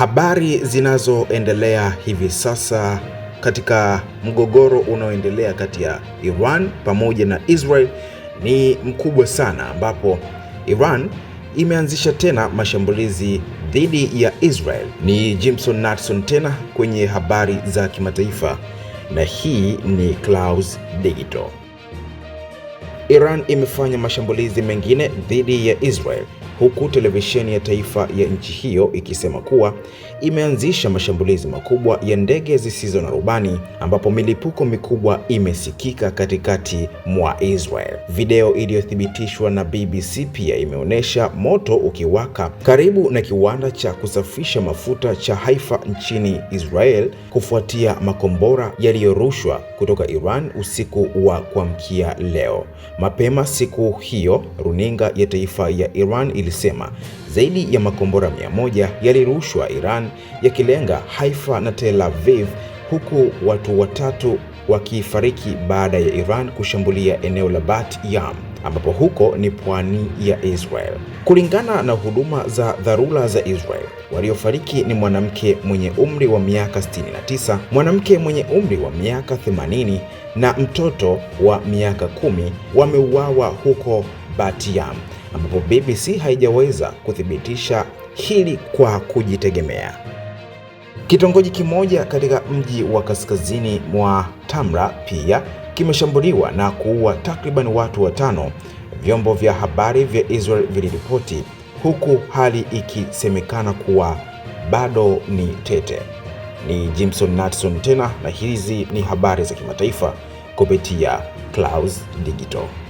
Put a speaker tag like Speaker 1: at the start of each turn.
Speaker 1: Habari zinazoendelea hivi sasa katika mgogoro unaoendelea kati ya Iran pamoja na Israel ni mkubwa sana, ambapo Iran imeanzisha tena mashambulizi dhidi ya Israel. Ni Jimson Natson tena kwenye habari za kimataifa, na hii ni Clouds Digital. Iran imefanya mashambulizi mengine dhidi ya Israel huku televisheni ya taifa ya nchi hiyo ikisema kuwa imeanzisha mashambulizi makubwa ya ndege zisizo na rubani ambapo milipuko mikubwa imesikika katikati mwa Israel. Video iliyothibitishwa na BBC pia imeonyesha moto ukiwaka karibu na kiwanda cha kusafisha mafuta cha Haifa nchini Israel kufuatia makombora yaliyorushwa kutoka Iran usiku wa kuamkia leo. Mapema siku hiyo, runinga ya taifa ya Iran ili ilisema zaidi ya makombora 100 yalirushwa Iran yakilenga Haifa na Tel Aviv huku watu watatu wakifariki baada ya Iran kushambulia eneo la Bat Yam ambapo huko ni pwani ya Israel. Kulingana na huduma za dharura za Israel, waliofariki ni mwanamke mwenye umri wa miaka 69, mwanamke mwenye umri wa miaka 80 na mtoto wa miaka kumi wameuawa huko Bat Yam ambapo BBC haijaweza kuthibitisha hili kwa kujitegemea. Kitongoji kimoja katika mji wa kaskazini mwa Tamra pia kimeshambuliwa na kuua takriban watu watano, vyombo vya habari vya Israel viliripoti, huku hali ikisemekana kuwa bado ni tete. Ni Jimson Natson tena na hizi ni habari za kimataifa kupitia Clouds Digital.